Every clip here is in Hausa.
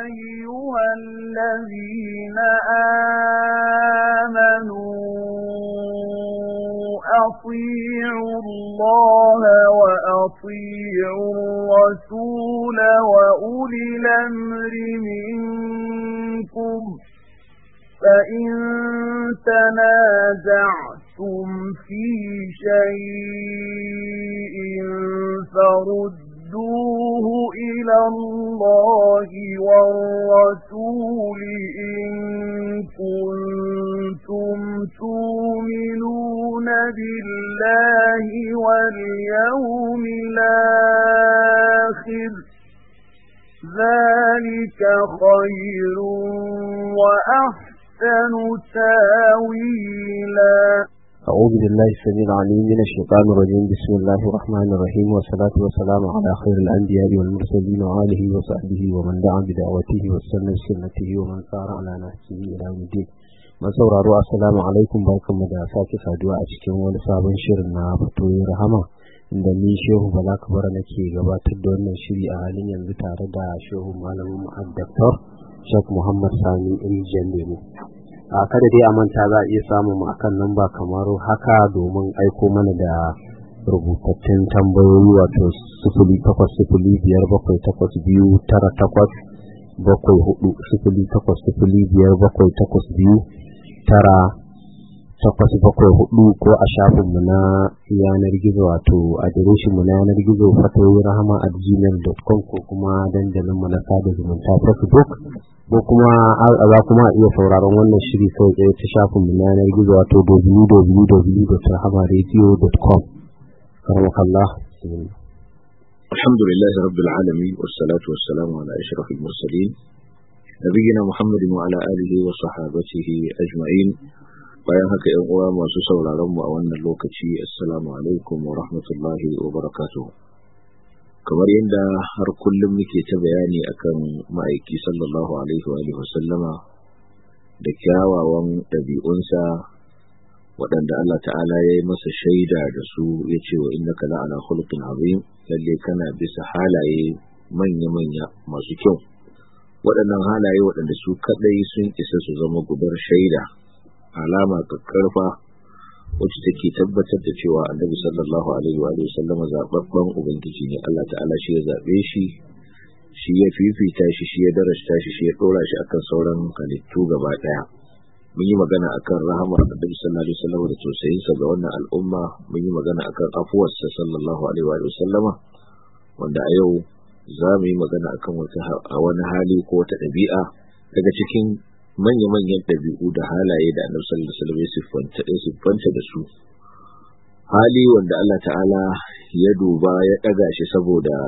أيها الذين آمنوا أطيعوا الله وأطيعوا الرسول وأولي الأمر منكم فإن تنازعتم في شيء فرد مِنَ اللَّهِ وَالرَّسُولِ إِن كُنتُمْ تُؤْمِنُونَ بِاللَّهِ وَالْيَوْمِ الْآخِرِ ذَلِكَ خَيْرٌ وَأَحْسَنُ تَأْوِيلًا أعوذ بالله السميع العليم من الشيطان الرجيم بسم الله الرحمن الرحيم والصلاة والسلام على خير الأنبياء والمرسلين وآله وصحبه ومن دعا بدعوته والسنة سنته ومن سار على نهجه إلى يوم الدين من sauraro assalamu alaikum barkanmu da sake saduwa a cikin wani sabon shirin na fatoyin rahama da ni shehu bala kabara nake gabatar da wannan shiri a halin yanzu tare da shehu malamin muhaddaktor shak muhammad sami in lemu a kada dai a manta za a iya samun mu akan nan ba kamar haka domin aiko mana da rubutattun tambayoyi wato sifili takwas sifili biyar bakwai takwas biyu tara takwas bakwai hudu sifili takwas sifili biyar bakwai takwas biyu tara takwas bakwai hudu ko a shafinmu na yanar gizo wato a mu na yanar gizo fatoyi rahama at gmail.com ko kuma dandalinmu na sada zumunta facebook ko kuma za kuma iya sauraron wannan shiri kai tsaye ta shafinmu na yanar gizo wato www.rahamaradio.com karmakallah الحمد لله رب العالمين والصلاة والسلام على أشرف المرسلين نبينا محمد وعلى آله وصحابته أجمعين bayan haka yan uwa masu sauraron mu a wannan lokaci assalamu alaikum wa rahmatullahi wa barakatuh kamar yadda har kullum muke ta bayani akan ma'aiki sallallahu alaihi wa sallama da kyawawan ɗabi'unsa waɗanda Allah ta'ala ya yi masa shaida da su ya ce wa inna kala ala khuluqin azim lalle kana bisa halaye manya-manya masu kyau waɗannan halaye waɗanda su kaɗai sun isa su zama gubar shaida alama kakkarfa wacce take tabbatar da cewa annabi sallallahu alaihi wa sallama zababban ubangiji ne Allah ta'ala shi ya zabe shi shi ya fifita shi shi ya darasta shi shi ya dora shi akan sauran halittu gaba daya mun yi magana akan rahamar annabi sallallahu alaihi wasallam da ga wannan al'umma mun yi magana akan afuwarsa sallallahu alaihi wa sallama wanda a yau za mu yi magana akan wata wani hali ko wata ɗabi'a daga cikin manya-manyan ɗabi'u da halaye da annabi sallallahu alaihi wasallam ya siffanta ya da su hali wanda Allah ta'ala ya duba ya ɗaga shi saboda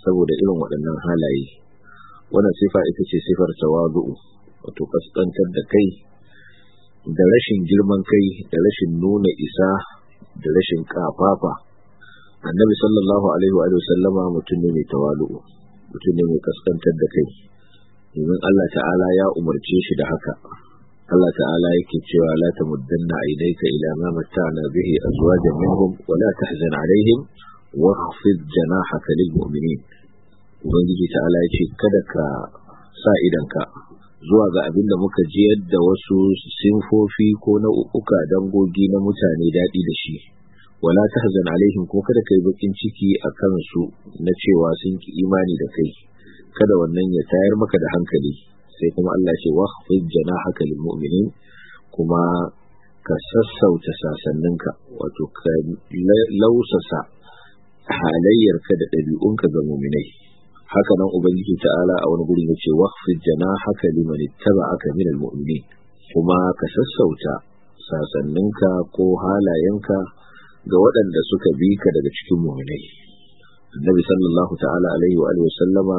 saboda irin waɗannan halaye wannan sifa ita ce sifar tawazu wato kaskantar da kai da rashin girman kai da rashin nuna isa da rashin kafafa annabi sallallahu alaihi wa sallama mutum ne mai tawazu mutum ne mai kaskantar da kai domin Allah ta'ala ya umarce shi da haka Allah ta'ala yake cewa la tamuddanna aynaka ila ma mata'na bihi azwajan minhum wa la tahzan alaihim واخفض جناحك للمؤمنين ubangiji ta'ala ya ce kada ka sa ka.' zuwa ga abin da muka ji yadda wasu sinfofi ko na uka dangogi na mutane daɗi da shi wala tahzan alaihim ko kada kai bakin ciki a kansu na cewa sun ki imani da kai kada wannan ya tayar maka da hankali sai kuma Allah ce waqfid jana lil mu'minin kuma ka sassauta sasanninka wato ka lausasa halayyarka da ɗabi'unka ga mu'minai haka nan ubangiji ta'ala a wani gurin yace jana janahaka liman ittaba'aka min al kuma ka sassauta sasanninka ko halayenka ga waɗanda suka bi ka daga cikin mu'minai annabi sallallahu ta'ala alaihi wa alihi wa sallama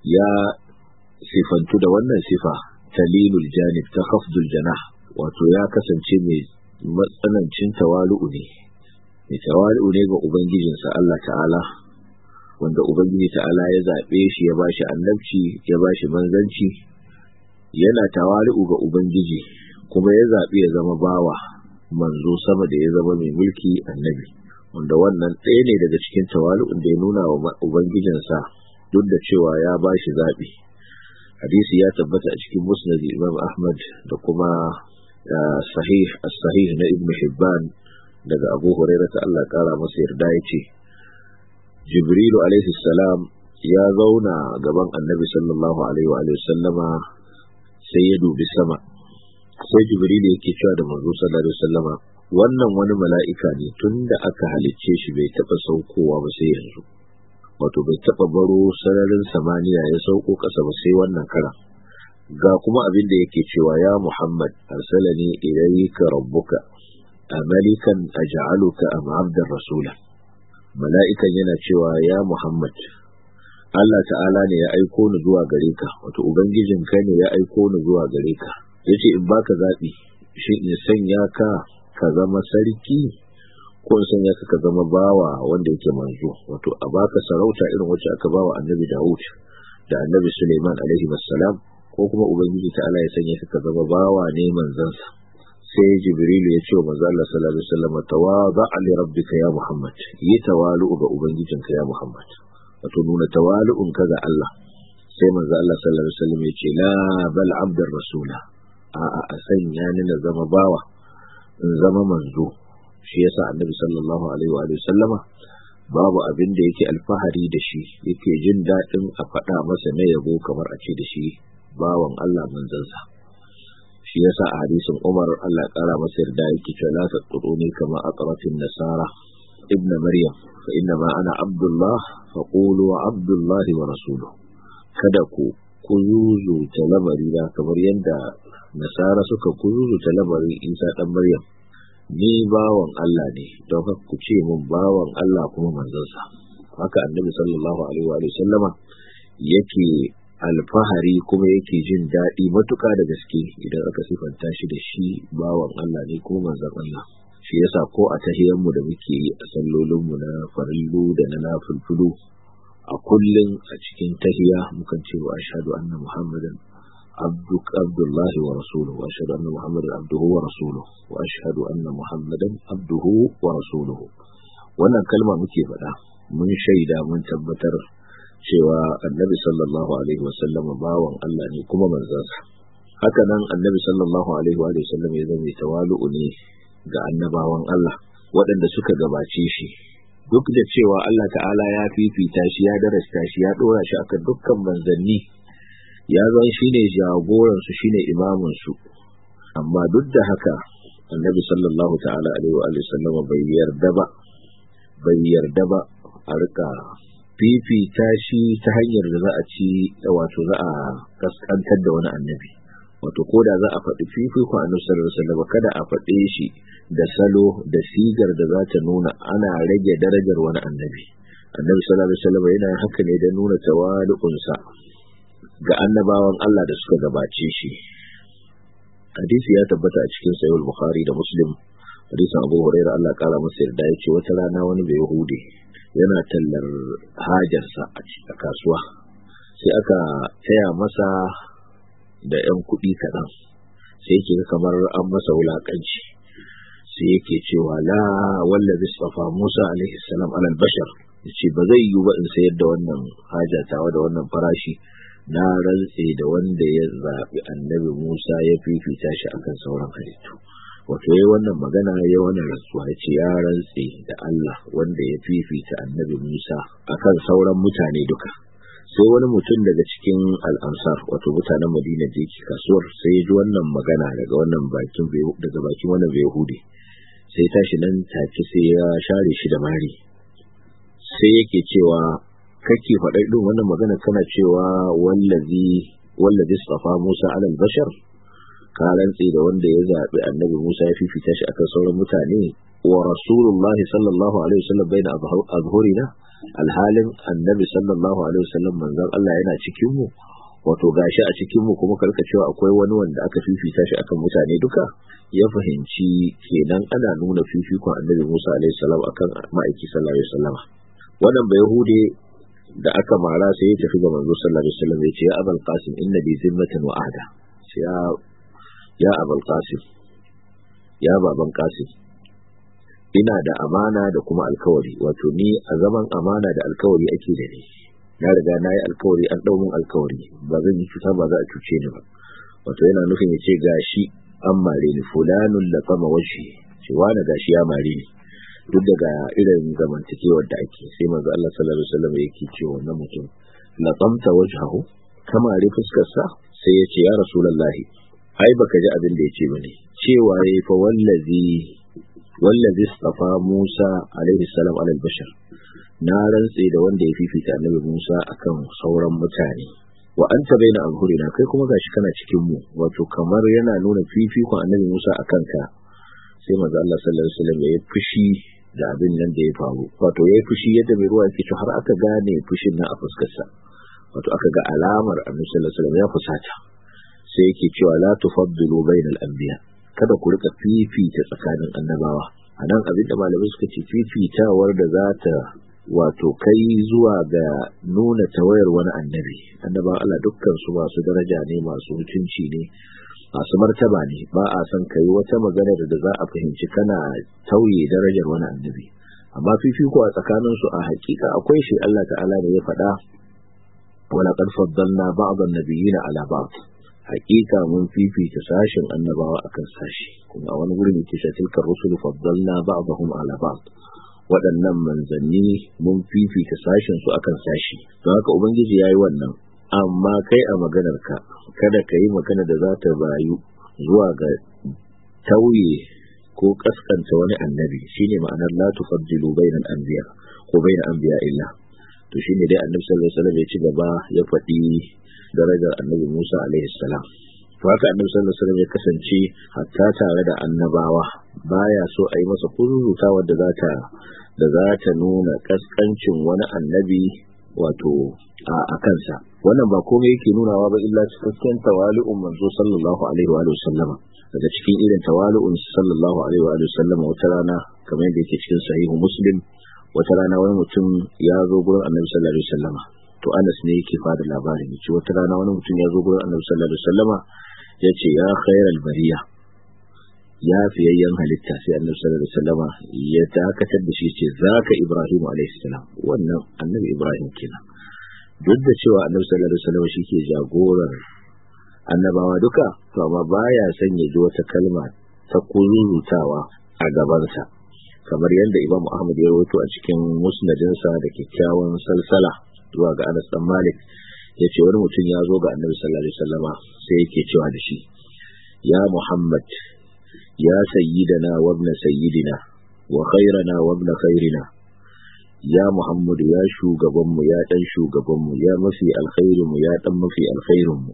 ya sifantu da wannan sifa talilul janib ta khafdul janah wato ya kasance mai matsanancin tawalu'u ne mai tawalu'u ne ga ubangijinsa Allah ta'ala wanda ubangiji ta'ala ya zaɓe shi ya bashi annabci ya bashi manzanci yana tawalu'u ga ubangiji kuma ya zaɓi ya zama bawa manzo sama da ya zama mai mulki annabi wanda wannan ɗaya ne daga cikin tawalu'un da ya nuna wa ubangijinsa duk da cewa ya ba shi zaɓi hadisi ya tabbata a cikin musnad imam ahmad da kuma sahih as-sahih na ibn hibban daga abu huraira ta Allah kara masa yarda yace jibrilu alaihi salam ya zauna gaban annabi sallallahu alaihi wa sallama sai ya dubi sama sai jibrilu yake cewa da manzo sallallahu alaihi sallama wannan wani mala'ika ne tunda aka halicce shi bai taba saukowa ba sai yanzu wato bai taɓa baro sararin samaniya ya sauko ƙasa ba sai wannan kara ga kuma abin da yake cewa ya muhammad arsalani ilayka rabbuka amalikan aj'aluka am abdar rasula mala'ikan yana cewa ya muhammad Allah ta'ala ne ya aiko ni zuwa gare ka wato kai ne ya aiko ni zuwa gare ka yace in baka zaɓi shin in sanya ka ka zama sarki Kun sanya ya zama bawa wanda yake manzo wato a baka sarauta irin wacce aka bawa annabi Dawud da annabi Suleiman alaihi wassalam ko kuma ubangiji ta Allah ya sanya ka zama bawa ne manzansa sai Jibril ya ce wa manzo Allah sallallahu alaihi wasallam tawadha li rabbika ya Muhammad yi tawalu ga ubangijinka ya Muhammad wato nuna tawalu'un ka ga Allah sai manzo Allah sallallahu alaihi wasallam ya ce la bal abdur rasula a a sanya ni na zama bawa in zama manzo shi yasa annabi sallallahu alaihi wa sallama babu abin da yake alfahari da shi yake jin daɗin a faɗa masa na yabo kamar a ce da shi bawan Allah manzansa shi yasa a hadisin Umar Allah ƙara masa yarda yake cewa la taqtuluni kama aqratin nasara ibn maryam fa inna ma ana abdullah fa qulu abdullah wa rasuluhu kada ku kuzuzu ta lamari kamar yadda nasara suka kuzuzu ta Isa dan Maryam ni bawan Allah ne don haka ku ce mun bawan Allah kuma manzansa haka annabi sallallahu alaihi wa sallama yake alfahari kuma yake jin daɗi matuƙa da gaske idan aka sifanta shi da shi bawan Allah ne kuma manzan Allah shi yasa ko a mu da muke yi a mu na farillu da na nafilfilu a kullum a cikin tahiya mukan ce wa ashhadu anna muhammadan عبدك عبد الله ورسوله وأشهد أن محمدا عبده ورسوله وأشهد أن محمدا عبده ورسوله wannan kalma muke faɗa mun shaida mun tabbatar cewa annabi sallallahu alaihi wasallam bawan Allah ne kuma manzansa haka nan annabi sallallahu alaihi wa sallam ya zama tawalu'u ne ga annabawan Allah waɗanda suka gabace shi duk da cewa Allah ta'ala ya fifita shi ya darasta shi ya ɗora shi akan dukkan manzanni ya zan shine jagoransu shine imaminsu amma duk da haka annabi sallallahu ta'ala alaihi wa bai yarda ba bai yarda ba a rika fifita shi ta hanyar da za a ci wato za a kaskantar da wani annabi wato ko da za a faɗi fifiko a nusar salama kada a faɗe shi da salo da sigar da za ta nuna ana rage darajar wani annabi annabi sallallahu alaihi wasallam yana haka ne da nuna tawali'unsa ga annabawan Allah da suka gabace shi hadisi ya tabbata a cikin sahih bukhari da muslim hadisin abu hurairah Allah kara masa yarda yace wata rana wani bai hude yana tallar hajarsa a kasuwa sai aka taya masa da yan kuɗi kaɗan sai yake kamar an masa wulaƙanci sai yake cewa la wallazi safa Musa alaihi salam alal bashar yace ba zai yiwu ba in sayar da wannan haja tawa da wannan farashi na rantse da wanda ya zaɓi annabi Musa ya fifita shi akan sauran halittu wato yayi wannan magana ya wani rantsuwa ya ce ya rantse da Allah wanda ya fifita annabi Musa akan sauran mutane duka sai wani mutum daga cikin al'amsar wato mutanen Madina da yake kasuwar sai ya ji wannan magana daga wannan bakin daga bakin wannan Yahudi sai tashi nan take sai ya share shi da mari sai yake cewa kake faɗai ɗin wannan magana kana cewa wallazi wallazi safa Musa alal bashar ka rantse da wanda ya zaɓi annabi Musa ya fifita shi akan sauran mutane wa rasulullahi sallallahu alaihi wasallam baina azhurina alhalin annabi sallallahu alaihi wasallam manzon Allah yana cikin mu wato gashi a cikin mu kuma karka cewa akwai wani wanda aka fifita shi akan mutane duka ya fahimci kenan ana nuna fifikon annabi Musa alaihi salam akan ma'aiki sallallahu alaihi wasallam wannan bai hude da aka mara sai ya tafi ga manzo sallallahu alaihi wasallam ya ce ya abul qasim inna bi zimmatin wa ahda ya ya abul qasim ya baban qasim ina da amana da kuma alkawari wato ni a zaman amana da alkawari ake da ni na riga na yi alkawari an dau min alkawari ba zan yi cuta ba za a cuce ni ba wato yana nufin ya ce gashi an mare ni fulanun kama wajhi ce wani gashi ya mare ni duk daga irin zamantakewar da ake sai manzo Allah sallallahu alaihi wasallam yake cewa na mutum na tsamta wajhahu kama ri fuskarsa sai ya ce ya rasulullahi ai baka ji abin da yace bane cewa yayi fa wallazi wallazi Musa alaihi salam alal bashar na rantse da wanda ya fifita annabi Musa akan sauran mutane wa anta baina na kai kuma gashi kana cikin mu wato kamar yana nuna fifikon annabi Musa akan ka sai manzo Allah sallallahu alaihi wasallam ya fushi da abin nan da ya faru wato ya yi fushi yadda mai ruwa yake to har aka gane fushin nan a fuskarsa wato aka ga alamar annabi sallallahu alaihi ya fusata sai yake cewa la tufaddilu bainal anbiya kada ku rika fifita tsakanin annabawa a nan abin da malamai suka ce fifitawar da za ta wato kai zuwa ga nuna tawayar wani annabi annaban Allah dukkan su masu daraja ne masu mutunci ne masu martaba ne ba a son ka yi wata maganar da za a fahimci kana tauye darajar wani annabi amma fifiko a tsakaninsu a hakika akwai shi Allah ta'ala da ya faɗa wala qad faddalna ba'd an-nabiyyin ala ba'd hakika mun fifita sashin annabawa akan sashi kuma a wani gurin yake cewa tilkar rusulu faddalna ba'dahum ala ba'd waɗannan manzanni mun fifita sashin su akan sashi don haka ubangiji yayi wannan amma kai a maganarka kada ka yi magana da za ta bayu zuwa ga tauye ko kaskanta wani annabi shine ma'anar la tufaddilu bainal anbiya ko bainal anbiya illa to shine dai annabi sallallahu alaihi wasallam ya ci gaba ya faɗi darajar annabi Musa alaihi salam to haka annabi sallallahu alaihi wasallam ya kasance hatta tare da annabawa baya so a yi masa kururuta wadda za da za ta nuna kaskancin wani annabi wato a kansa wannan ba komai yake nunawa ba illa cikakken tawali'un manzo sallallahu alaihi wa sallama daga cikin irin tawali'un sallallahu alaihi wa sallama wata rana kamar yadda yake cikin sahihu muslim wata rana wani mutum ya zo gurin annabi sallallahu alaihi wa sallama to Anas ne yake fada labarin ya ce wata rana wani mutum ya zo gurin annabi sallallahu alaihi wa sallama ya ce ya khairal bariya ya fiyayyen halitta sai annabi sallallahu alaihi ya dakatar da shi ce zaka ibrahim alaihi salam wannan annabi ibrahim kenan duk da cewa annabi sallallahu alaihi wasallama shike jagorar annabawa duka to amma baya san ya ji wata kalma ta kururutawa a gabansa kamar yadda imam ahmad ya rawaito a cikin sa da kyakkyawan salsala zuwa ga anas dan malik ya wani mutum ya zo ga annabi sallallahu alaihi wasallama sai yake cewa da shi ya muhammad يا سيدنا وابن سيدنا وخيرنا وابن خيرنا يا محمد يا شوغبانmu ya dan shugabanmu ya mafi alkhairinmu ya dan mafi alkhairinmu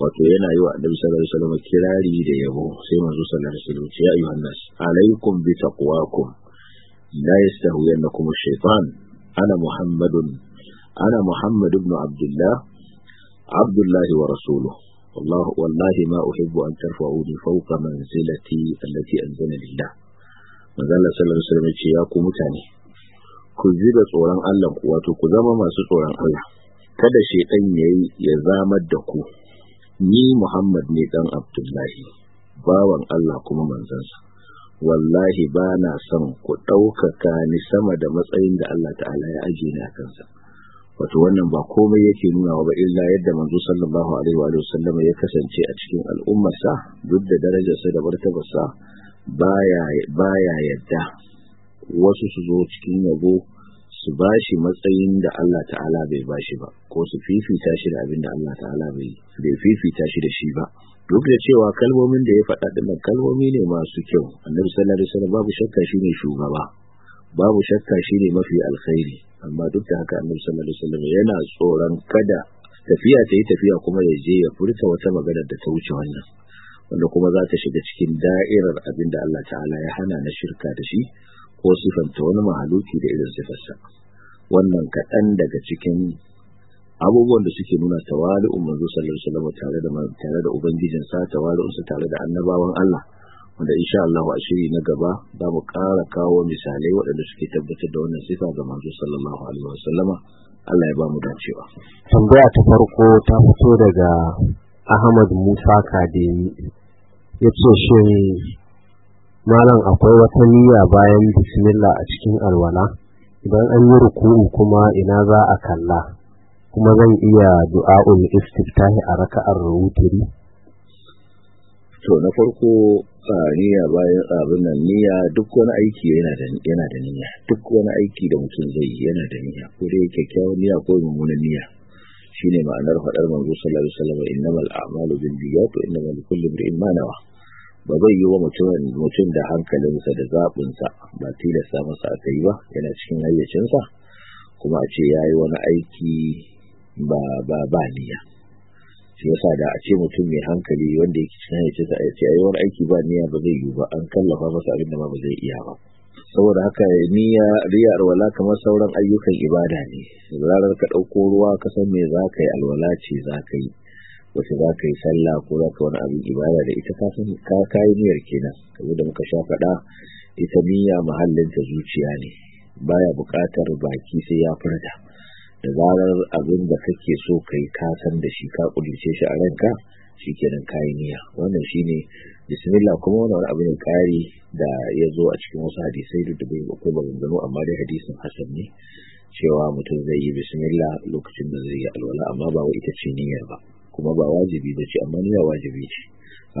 wato yana yi wa annabi sallallahu alaihi wasallam kirari da yabo sai manzo sallallahu alaihi wasallam ya ayyuhan nas alaikum bi taqwakum la yastahiyannakum ash-shaytan ana muhammadun ana muhammad ibn abdullah abdullah wa rasuluhu والله والله ما أحب أن ترفعوني فوق منزلتي التي أنزل لله manzala sallallahu alaihi wasallam ce ya ku mutane ku ji da tsoron Allah ku wato ku zama masu tsoron Allah kada shedan yayi ya zamar da ku ni Muhammad ne dan Abdullahi bawan Allah kuma manzansa wallahi ba na son ku ɗaukaka ni sama da matsayin da Allah ta'ala ya ajiye ni a kansa wato wannan ba komai yake nunawa ba illa yadda manzo sallallahu alaihi wa sallam ya kasance a cikin al'ummarsa duk da darajarsa da martabarsa baya baya yadda wasu su zo cikin yabo su bashi matsayin da Allah ta'ala bai bashi ba ko su fifita shi da abin da Allah ta'ala bai bai fifita shi da shi ba duk da cewa kalmomin da ya faɗa dinnan kalmomi ne masu kyau annabi sallallahu alaihi sallam babu shakka shine shugaba babu shakka shi ne mafi alkhairi amma duk da haka annabi sallallahu alaihi wasallam yana tsoron kada tafiya ta yi tafiya kuma ya je ya furta wata magana da ta wuce wannan wanda kuma za ta shiga cikin da'irar abin da Allah ta'ala ya hana na shirka da shi ko sifanta wani mahaluki da irin sifarsa wannan kaɗan daga cikin abubuwan da suke nuna tawali'un manzo sallallahu alaihi wasallam tare da tare da ubangijinsa tawali'unsa tare da annabawan Allah wanda insha Allah a shiri na gaba za mu ƙara kawo misalai waɗanda suke tabbatar da wannan sifa ga manzo sallallahu alaihi wa sallama Allah ya ba mu dacewa tambaya ta farko ta fito daga Ahmad Musa Kademi yace shin malam akwai wata niyya bayan bismillah a cikin alwala idan an yi ruku'u kuma ina za a kalla kuma zan iya du'a'ul istiftahi a raka'ar wutiri to na farko niyya bayan abin nan niyya duk wani aiki yana da yana da niyya duk wani aiki da mutum zai yi yana da niyya ko dai kyakkyawan niyya ko mummunan niyya shine ma'anar faɗar manzo sallallahu alaihi wasallam innamal a'malu binniyat wa innama likulli imrin ma nawa ba zai yi wa mutum da hankalinsa da zaɓinsa ba tilasta masa aka yi ba yana cikin hayyacinsa kuma a ce ya yi wani aiki ba ba ba niyya shi yasa da a ce mutum mai hankali wanda yake cikin hayyacinsa a ce ayyuwar aiki ba niyya ba zai yiwu ba an kallafa masa abin da ma ba zai iya ba saboda haka niyya riya alwala kamar sauran ayyukan ibada ne zarar ka ɗauko ruwa ka san me za ka yi alwala ce za ka yi wace za ka yi sallah ko za ka wani abin ibada da ita ka san ka yi niyyar kenan kamar da muka sha faɗa ita niyya mahallin ta zuciya ne baya buƙatar baki sai ya furta da zarar abin da kake so ka yi kasan da shi ka kudice shi a ranka shi kenan kayi niyya wannan shine bismillah kuma wani wani abu ne kari da ya zo a cikin wasu hadisai duk da bai akwai maganganu amma dai hadisin hasan ne cewa mutum zai yi bismillah lokacin da zai yi alwala amma ba ita ce niyyar ba kuma ba wajibi ba ce amma niyya wajibi ce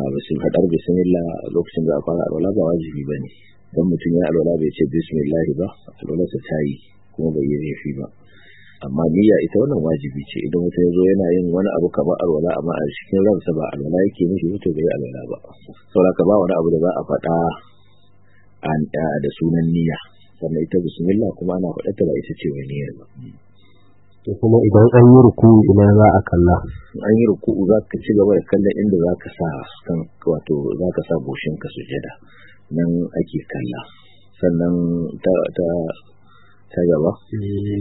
a bisim hadar bismillah lokacin da a fara alwala ba wajibi ba ne don mutum ya alwala bai ce bismillah ba alwala ta yi kuma bai yi laifi ba amma niyya ita wannan wajibi ce idan wata yazo yana yin wani abu kamar alwala amma a cikin ransa ba alwala yake nufi da bai alwala ba saboda ka ba wani abu da za a faɗa da sunan niyya sannan ita bismillah kuma ana faɗa ta ba ita ce mai niyyar ba to kuma idan an yi ruku ina za a kalla an yi ruku za ka ci gaba da kallon inda za ka sa kan wato za ka sa goshin ka sujada nan ake kalla sannan ta ta gaba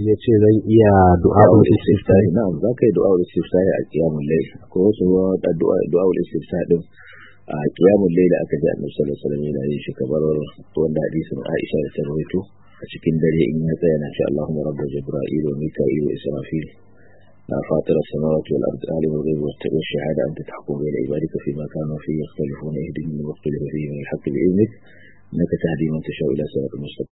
ya ce zan iya du'a'ul istiftahi na za ka yi du'a'ul istiftahi a kiyamun lai ko wasu du'a'ul istiftahi din a kiyamun lai da aka ji annabi sallallahu alaihi wasallam yana yin shi kamar wanda hadisin Aisha da ta rawaito a cikin dare in ya tsaya na ce Allahumma rabba jibril wa mika'il wa israfil فاطر السماوات والأرض عالم الغيب والتقوى الشهادة أنت تحكم بين عبادك فيما كانوا فيه يختلفون اهدني واختلف فيه من الحق بإذنك إنك تهدي من تشاء إلى صراط مستقيم